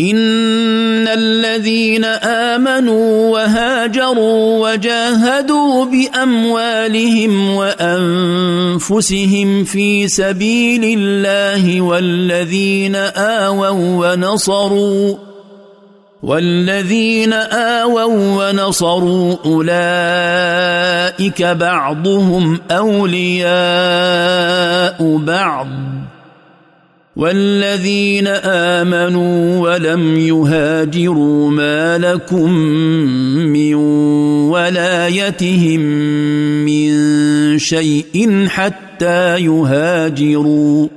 ان الذين امنوا وهاجروا وجاهدوا باموالهم وانفسهم في سبيل الله والذين اووا ونصروا والذين اووا ونصروا اولئك بعضهم اولياء بعض والذين امنوا ولم يهاجروا ما لكم من ولايتهم من شيء حتى يهاجروا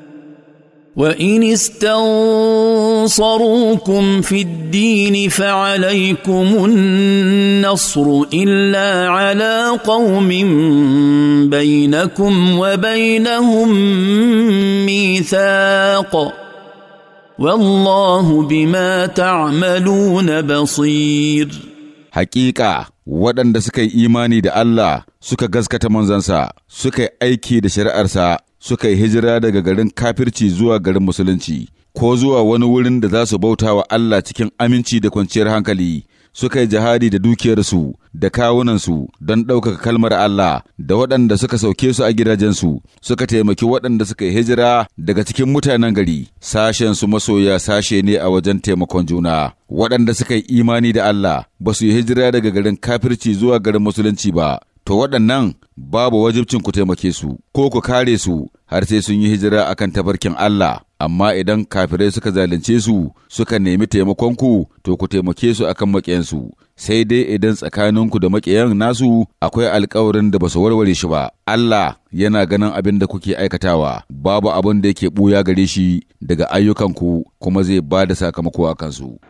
وان استنصروكم في الدين فعليكم النصر الا على قوم بينكم وبينهم ميثاق والله بما تعملون بصير حقيقه waɗanda suka yi imani da Allah suka gaskata manzansa suka yi aiki da shari'arsa suka yi hijira daga garin kafirci zuwa garin musulunci, ko zuwa wani wurin da za su bauta wa Allah cikin aminci da kwanciyar hankali, suka yi jihadi da dukiyarsu da kawunansu don ɗaukaka kalmar Allah da waɗanda suka sauke su a gidajensu suka taimaki waɗanda suka yi hijira daga cikin mutanen gari sashen su masoya sashe ne a wajen taimakon juna waɗanda suka yi imani da Allah ba su yi hijira daga garin kafirci zuwa garin musulunci ba to waɗannan babu wajibcin ku taimake su ko ku kare su har sai sun yi hijira akan tafarkin Allah amma idan kafirai suka zalunce su suka nemi taimakonku to ku taimake su akan maƙiyansu sai dai idan tsakaninku da maƙiyan nasu akwai alkawarin da ba su warware shi ba Allah yana ganin abin da kuke aikatawa babu abin da yake ɓuya gare shi daga ayyukanku kuma zai ba da sakamako a kansu